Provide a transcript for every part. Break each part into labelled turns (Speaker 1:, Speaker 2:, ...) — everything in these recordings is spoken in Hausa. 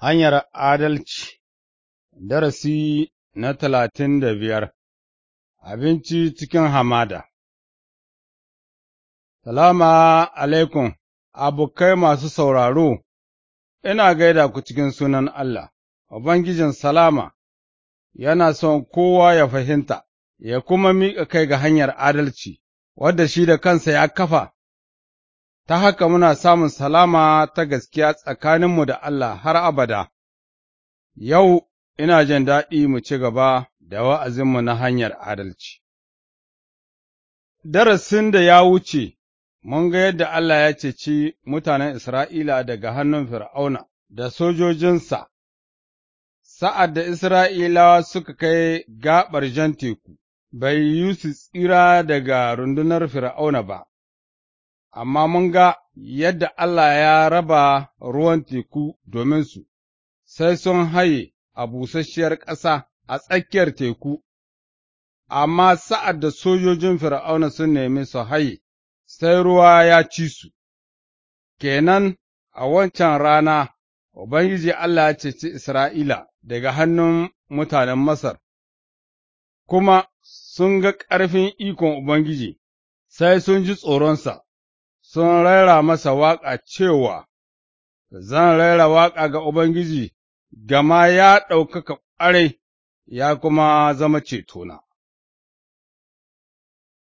Speaker 1: Hanyar adalci Darasi na talatin da biyar Abinci cikin hamada Salama alaikum, abokai masu sauraro, ina gaida ku cikin sunan Allah, Ubangijin Salama, yana son kowa ya fahimta, ya kuma miƙa kai ga hanyar adalci, wadda shi da kansa ya kafa, ta haka muna samun salama ta gaskiya tsakaninmu da Allah har abada. Yau ina jin daɗi mu ci gaba da wa'azinmu na hanyar adalci. Darasin da ya wuce, mun ga yadda Allah ya ceci mutanen Isra'ila daga hannun Fir'auna da sojojinsa, sa'ad da Isra'ilawa suka kai gaɓar jan teku, bai yi su tsira daga rundunar Fir'auna ba. amma mun ga yadda Allah ya raba ruwan teku domin su, sai sun haye a busasshiyar ƙasa a tsakiyar teku, amma sa'ad da sojojin Fir'auna sun nemi su haye, sai ruwa ya ci su, kenan a wancan rana Ubangiji Allah ya ceci Isra'ila daga hannun mutanen Masar, kuma sun ga ƙarfin ikon Ubangiji, sai sun ji tsoronsa. sun raira masa waƙa cewa, Zan raira waƙa ga Ubangiji, gama ya ɗaukaka ƙwarai ya kuma zama cetona.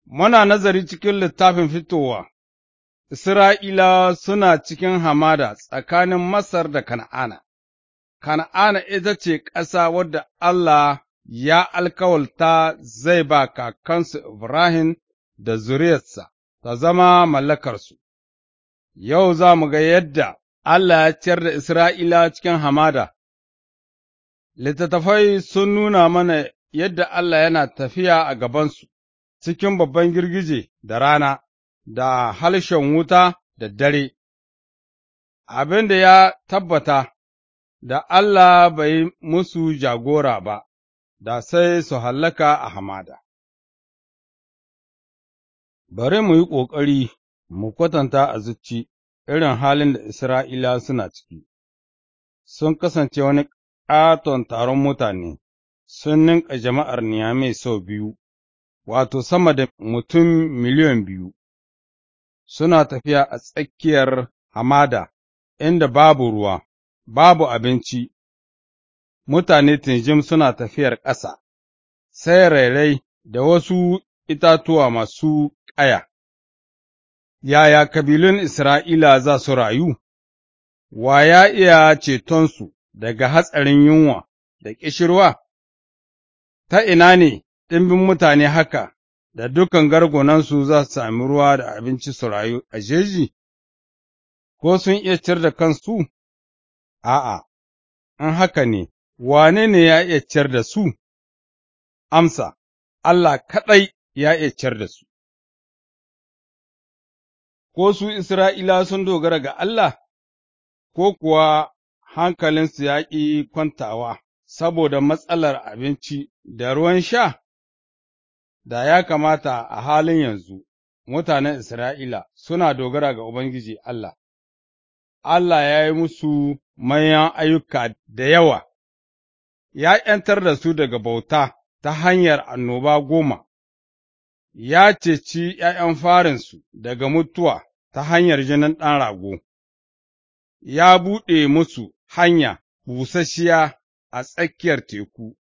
Speaker 1: Muna nazari cikin littafin fitowa, Isra'ila suna cikin hamada tsakanin Masar da Kana'ana, Kana'ana ita ce ƙasa wadda Allah ya alkawalta zai ba kakansu Ibrahim da zuriyarsa, ta zama mallakarsu. Yau za mu ga yadda Allah ya ciyar da Isra'ila cikin hamada, littattafai sun nuna mana yadda Allah yana tafiya a gabansu cikin babban girgije da rana, da halshen wuta da dare, abin da ya tabbata da Allah bai musu jagora ba, da sai su hallaka a hamada. Bari mu yi ƙoƙari mu kwatanta a zuci irin halin da Isra'ila suna ciki, sun kasance wani ƙaton taron mutane, sun ninka jama'ar Niyame sau biyu, wato sama da mutum miliyan biyu, suna tafiya a tsakiyar hamada, inda babu ruwa, babu abinci, mutane tinjim suna tafiyar ƙasa, sai rairai da wasu itatuwa masu aya Yaya kabilun Isra'ila za su rayu, wa ya iya cetonsu daga hatsarin yunwa da ƙishirwa? Ta ina ne ɗimbin mutane haka da dukan gargunansu za su sami ruwa da abinci su rayu a jeji? Ko sun iya cir da kansu? A'a, in haka ne, wane ne ya iya cir da su? Amsa, Allah kaɗai ya iya cir da su. ko su Isra'ila sun dogara ga Allah, ko kuwa hankalinsu ya ƙi kwantawa saboda matsalar abinci da ruwan sha, da ya kamata a halin yanzu mutanen Isra'ila suna dogara ga Ubangiji Allah, Allah ya yi musu manyan ayyuka da yawa, ya ’yantar da su daga bauta ta hanyar annoba goma, ya ceci ’ya'yan farinsu daga mutuwa ta hanyar jinin ɗan rago, ya buɗe musu hanya busasshiya a tsakiyar teku,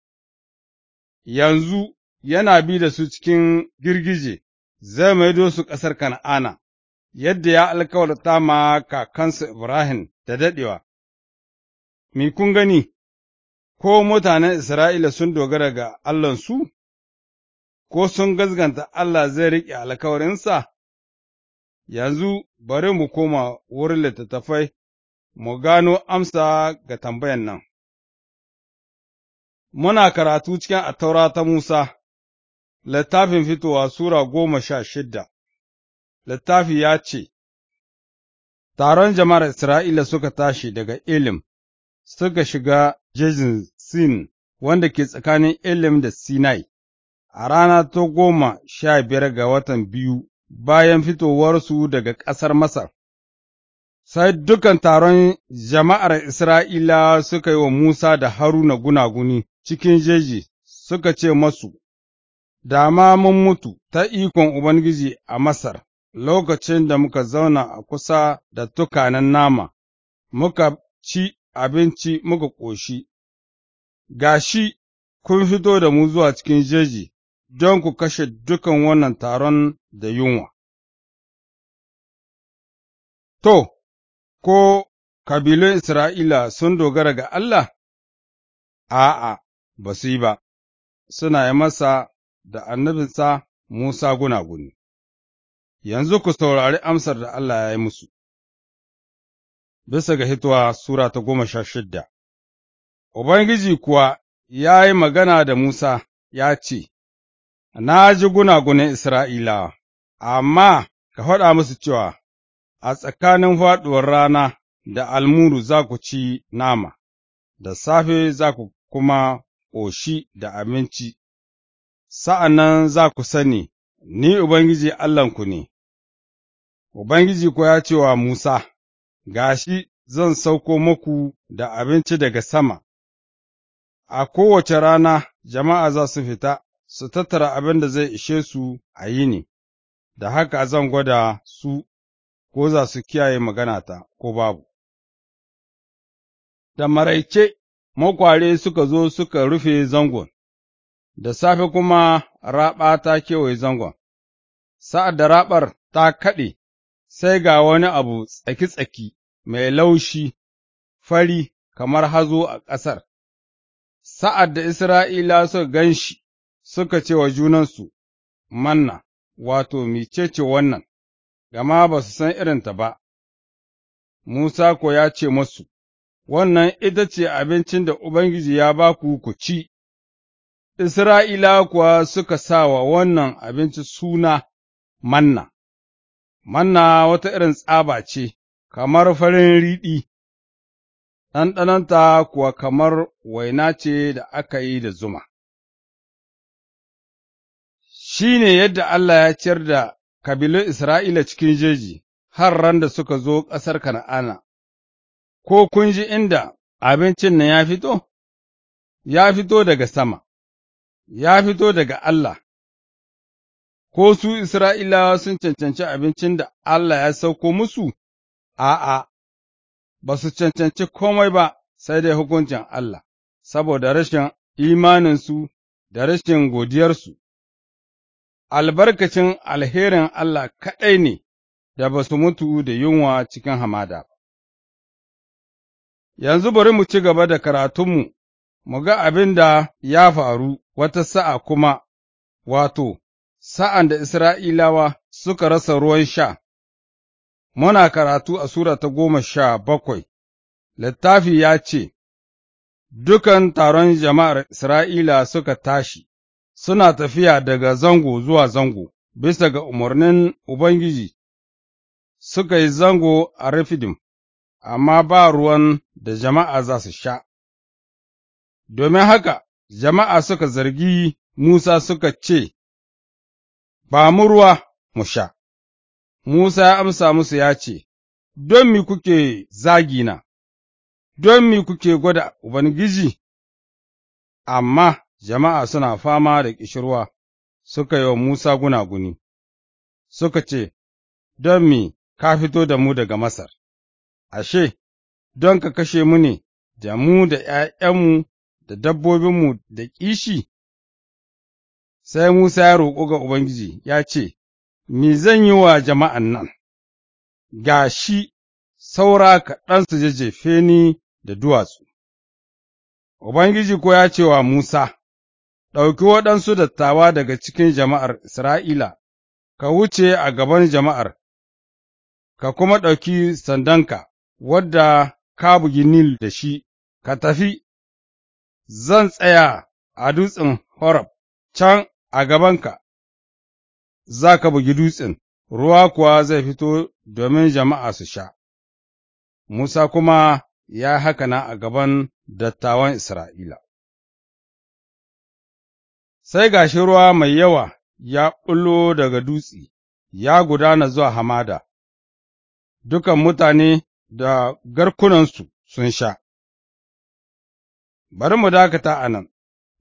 Speaker 1: yanzu yana bi da su cikin girgije, zai maido su ƙasar Kan'ana, yadda ya alkawarta ma kakansu Ibrahim da daɗewa. Mi kun gani, ko mutanen Isra'ila sun dogara ga Allahnsu? ko sun gazganta Allah zai riƙe alkawarinsa? Yanzu bari mu koma wurin littattafai mu gano amsa ga tambayan nan. Muna karatu cikin attaura ta Musa, littafin fitowa Sura goma sha shidda, littafi ya ce, Taron jama'ar Isra'ila suka tashi daga Elim, suka shiga jejin Sin wanda ke tsakanin Elim da Sinai. a rana ta goma sha biyar ga watan biyu bayan fitowarsu daga ƙasar Masar. Sai dukan taron jama'ar Isra'ila suka yi wa Musa da Haruna gunaguni cikin jeji suka ce masu, Da ma mun mutu ta ikon Ubangiji a Masar, lokacin da muka zauna a kusa da tukanen nama, muka ci abinci muka ƙoshi, ga shi kun fito da mu zuwa cikin jeji don ku kashe dukan wannan taron da yunwa. To, ko kabilun Isra'ila sun dogara ga Allah? A'a, ba su yi ba, suna yi masa da annabinsa Musa gunaguni. Yanzu ku saurari amsar da Allah ya yi musu. Bisa ga hituwa Sura ta goma sha shidda Ubangiji kuwa ya yi magana da Musa ya ce, Na ji gunagunin Isra'ila, amma ka faɗa musu cewa, A tsakanin faɗuwar rana da almuru za ku ci nama, da safe za ku kuma ƙoshi da abinci, sa'an nan za ku sani, Ni Ubangiji Allahnku ne, Ubangiji ko ya ce wa Musa, Gashi zan sauko muku da abinci daga sama, a kowace rana jama'a za su fita su tattara abin da zai ishe su a yi ne, da haka zan gwada su ko za su kiyaye maganata ko babu. Da maraice, makware suka zo suka rufe zangon, da safe kuma raɓa ta kewaye zangon, sa'ad da raɓar ta kaɗe, sai ga wani abu tsaki-tsaki mai laushi, fari kamar hazo a ƙasar. Sa'ad da Isra'ila suka gan shi, suka ce wa junansu, Manna, wato, micece wannan, gama ba su san irinta ba, Musa ko ya ce masu, Wannan ita ce abincin da Ubangiji ya ba ku ku ci, Isra'ila kuwa suka sa wa wannan abinci suna manna, manna wata irin tsaba ce, kamar farin riɗi, ɗanɗananta kuwa kamar waina ce da aka yi da zuma. shi ne yadda Allah ya ciyar da kabilun Isra'ila cikin jeji har ran da suka zo ƙasar Kana'ana, ko kun ji inda abincin nan ya fito? Ya fito daga sama, ya fito daga Allah, ko su Isra'ilawa sun cancanci abincin da Allah ya sauko musu, a'a, ba su cancanci komai ba sai dai hukuncin Allah, saboda rashin imaninsu da rashin godiyarsu. albarkacin alherin Allah kaɗai ne da ba su mutu da yunwa cikin hamada Yanzu bari mu ci gaba da karatunmu, mu ga abin da ya faru wata sa'a kuma, wato, sa'an da Isra'ilawa suka rasa ruwan sha, muna karatu a Sura ta goma sha bakwai, littafi ya ce, Dukan taron jama'ar Isra'ila suka tashi, suna tafiya daga zango zuwa zango, bisa ga umarnin Ubangiji, suka yi zango a Refidim, amma ba ruwan da jama'a za su sha. Domin haka, jama'a suka zargi Musa suka ce, Ba mu ruwa mu sha, Musa ya amsa musu ya ce, Don mi kuke zagina, don mi kuke gwada Ubangiji? Amma jama'a suna fama da ƙishirwa suka yi wa Musa gunaguni, suka ce, Don me ka fito da mu daga Masar, ashe, don ka kashe mu ne, da mu da ’ya'yanmu da dabbobinmu da ƙishi? Sai Musa ya roƙo ga Ubangiji ya ce, mi zan yi wa jama'an nan, ga shi saura kaɗan su jajjefe ni da duwatsu. Ubangiji ko ya ce wa Musa, ɗauki waɗansu dattawa daga cikin jama'ar Isra'ila, ka wuce a gaban jama'ar, ka kuma ɗauki sandanka, wadda ka bugi Nil da shi, ka tafi, zan tsaya a dutsen Horeb can a gabanka, za ka bugi dutsen, ruwa kuwa zai fito domin jama'a su sha. Musa kuma ya haka na a gaban dattawan Isra'ila. sai ga shi ruwa mai yawa ya ɓullo daga dutse, ya gudana zuwa hamada, dukan mutane da garkunansu sun sha. Bari mu dakata a nan,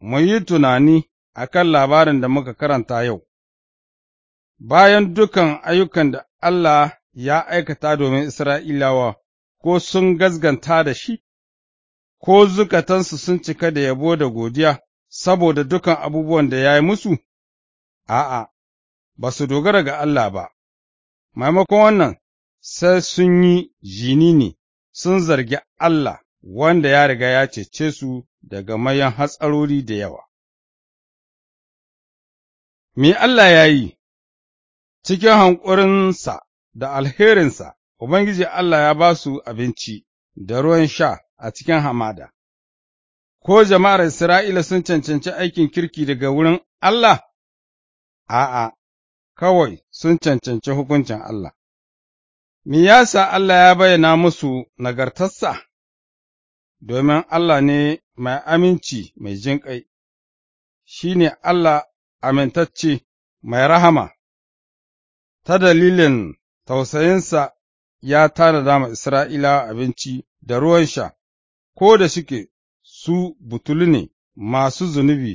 Speaker 1: mu yi tunani a kan labarin da muka karanta yau, bayan dukan ayyukan da Allah ya aikata domin Isra'ilawa, ko sun gazganta da shi, ko zukatansu sun cika da yabo da godiya. saboda dukan abubuwan da ya yi musu? A'a, ba su dogara ga Allah ba, maimakon wannan sai sun yi jini ne, sun zargi Allah wanda ya riga ya cece su daga mayan hatsarori da yawa. Me Allah ya yi, cikin hankurinsa da alherinsa, Ubangiji Allah ya ba su abinci da ruwan sha a cikin hamada, ko jama'ar Isra'ila sun cancanci aikin kirki daga wurin Allah? A'a, kawai sun cancanci hukuncin Allah. Me sa Allah ya bayyana musu nagartarsa? Domin Allah ne mai aminci mai jinƙai, shi ne Allah amintacce mai rahama, ta dalilin tausayinsa ya tanada dama Isra'ila abinci da ruwan sha, ko da shike su butulu ne masu zunubi,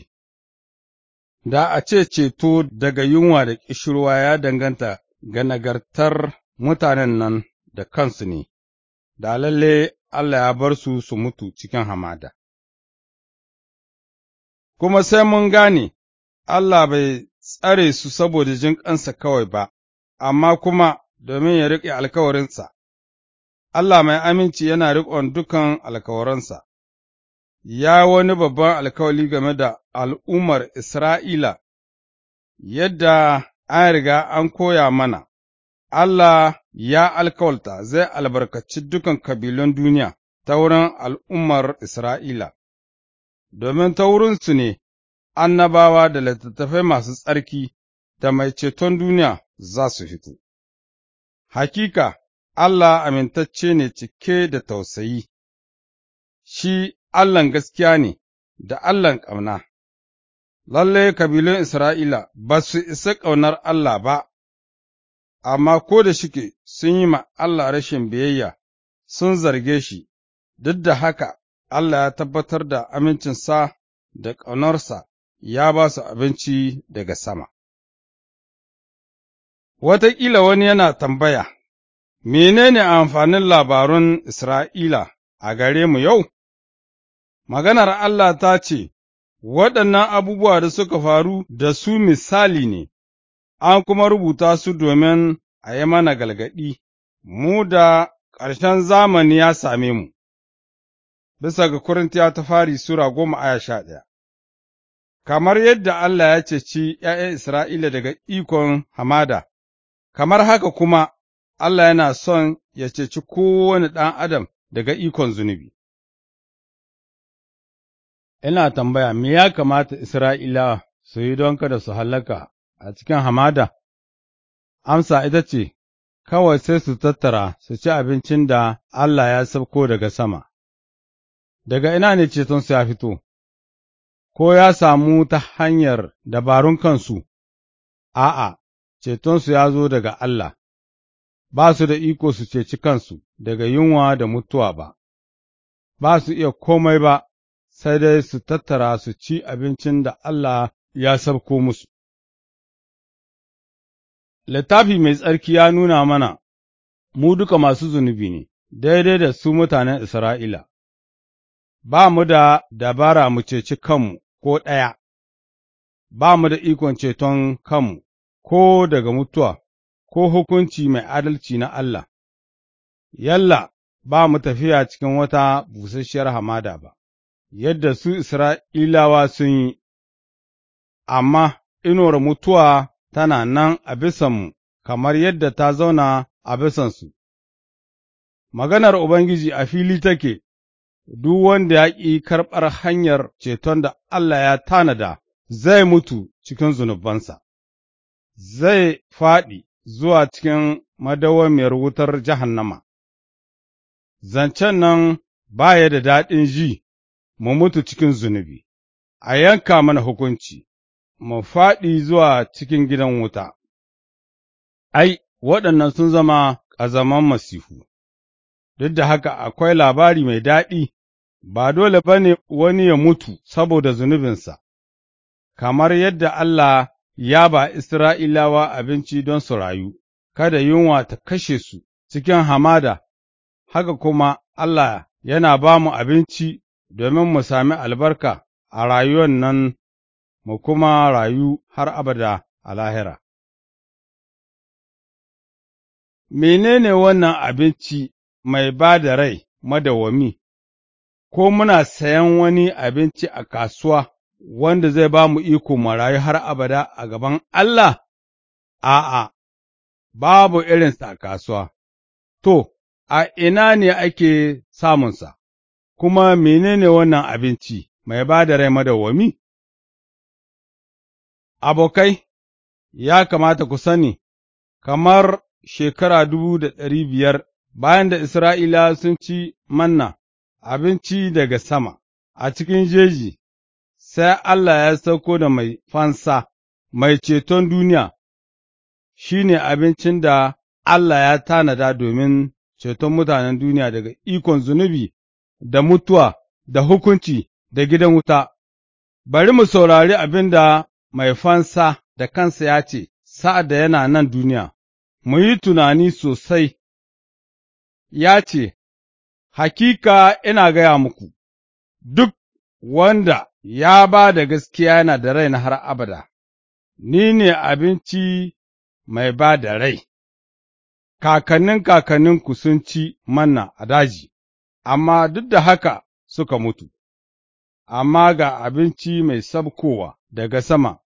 Speaker 1: da a ce ceto daga yunwa da ƙishirwa ya danganta ga nagartar mutanen nan da kansu ne, da lalle Allah ya bar su su mutu cikin hamada. Kuma sai mun gane, Allah bai tsare su saboda jinƙansa kawai ba, amma kuma domin ya riƙe alkawarinsa, Allah mai aminci yana riƙon dukan alkawaransa. ya wani babban alkawali game da al'ummar Isra'ila, yadda an riga an koya mana, Allah ya alkawalta zai albarkaci dukan kabilan duniya ta wurin al'ummar Isra'ila, domin ta wurinsu ne annabawa da littattafai masu tsarki da mai ceton duniya za su fito. Hakika, Allah amintacce ne cike da tausayi, shi Allahn gaskiya ne da Allahn ƙauna. Lalle kabilun Isra'ila ba su isa ƙaunar Allah ba, amma ko da shike sun yi ma Allah rashin biyayya sun zarge shi, duk da haka Allah ya tabbatar da amincinsa da ƙaunarsa ya ba su abinci daga sama. Wataƙila wani yana tambaya, menene amfanin labarun Isra'ila a gare mu yau? maganar Allah ta ce, Waɗannan abubuwa da suka faru da su misali ne, an kuma rubuta su domin a yi mana galgadi, mu da ƙarshen zamani ya same mu, bisa ga kurintiya ta fari Sura goma aya sha ɗaya. Kamar yadda Allah ya ceci ’ya'yan Isra'ila daga ikon hamada, kamar haka kuma Allah yana son ya ceci kowane ɗan adam daga ikon zunubi. ina tambaya, me ya kamata Isra'ila su yi don kada su hallaka a cikin hamada? Amsa ita ce, Kawai sai su tattara su ci abincin da Allah ya sabko daga sama, daga ina ne ceton su ya fito, ko ya samu ta hanyar dabarun kansu, a'a, ceton su ya zo daga Allah, ba su da iko su ceci kansu daga yunwa da mutuwa ba, ba su iya komai ba sai dai su tattara su ci abincin da Allah ya sauko musu. Littafi mai tsarki ya nuna mana, mu duka masu zunubi ne, daidai da su mutanen Isra'ila, ba mu da dabara mu ceci kanmu ko ɗaya, ba mu da ikon ceton kanmu ko daga mutuwa ko hukunci mai adalci na Allah, yalla ba mu tafiya cikin wata busasshiyar hamada ba. yadda su Isra'ilawa sun yi, amma inuwar mutuwa tana nan a bisanmu kamar yadda ta zauna a bisansu. Maganar Ubangiji a fili take, duk wanda ya ƙi karɓar hanyar ceton da Allah ya tanada zai mutu cikin zunubansa, zai faɗi zuwa cikin madawamiyar wutar jahannama. Zancen nan ba da daɗin ji mu mutu cikin zunubi, a yanka mana hukunci, mu faɗi zuwa cikin gidan wuta. Ai, waɗannan sun zama a zaman masihu, duk da haka akwai labari mai daɗi, ba dole ba ne wani ya mutu saboda zunubinsa, kamar yadda Allah ya ba Isra'ilawa abinci don su rayu, kada yunwa ta kashe su cikin hamada, haka kuma Allah yana ba mu abinci domin mu sami albarka a rayuwan nan mu kuma rayu har abada a lahira. Menene wannan abinci mai ba da rai madawami ko muna sayan wani abinci a kasuwa wanda zai ba mu iko mu rayu har abada a gaban Allah? A'a, babu irinsa a kasuwa, to, a ina ne ake samunsa? kuma menene wannan abinci mai ba da rai madawwami? Abokai, ya kamata ku sani, kamar shekara dubu da ɗari biyar bayan da Isra'ila sun ci manna abinci daga sama a cikin jeji, sai Allah ya sauko da mai fansa, mai ceton duniya, shi ne abincin da Allah ya tanada domin ceton mutanen duniya daga ikon zunubi da mutuwa, da hukunci, da gidan wuta. Bari mu saurari abin da mai fansa da kansa ya ce sa'ad da yana nan duniya, mu yi tunani sosai, ya ce, Hakika ina gaya muku, duk wanda ya ba da gaskiya yana da rai na har abada, ni ne abinci mai ba da rai, kakannin kakanninku sun ci manna a daji, amma duk da haka suka mutu, amma ga abinci mai sabkowa daga sama,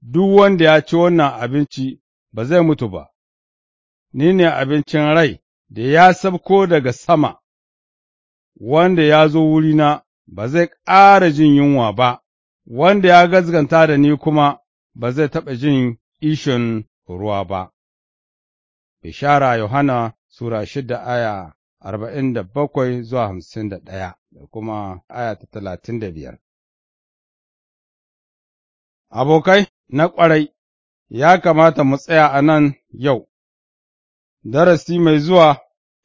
Speaker 1: duk wanda ya ci wannan abinci ba zai mutu ba, ni ne abincin rai da ya sabko daga sama, wanda ya zo wurina ba zai ƙara jin yunwa ba, wanda ya gazganta da ni kuma ba zai taɓa jin ishin ruwa ba. Bishara Yohana Sura shida aya arba'in da bakwai zuwa hamsin da ɗaya da kuma aya ta talatin da biyar. Abokai na ƙwarai, ya kamata mu tsaya a nan yau, darasi mai zuwa,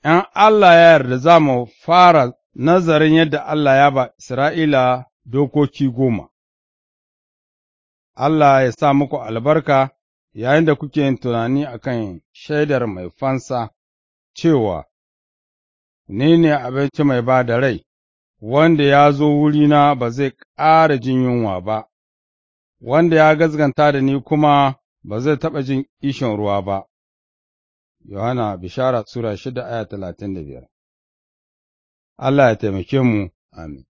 Speaker 1: ’yan Allah ya yarda za mu fara nazarin yadda Allah ya ba Isra'ila dokoki goma. Allah ya sa muku albarka yayin da kuke yin tunani a kan shaidar mai fansa cewa ni ne abinci mai ba da rai, wanda ya zo wurina ba zai ƙara jin yunwa ba, wanda ya gazganta da ni kuma ba zai taɓa jin ishin ruwa ba. Yohana Bishara Sura shida aya talatin da biyar Allah ya taimake mu, amin.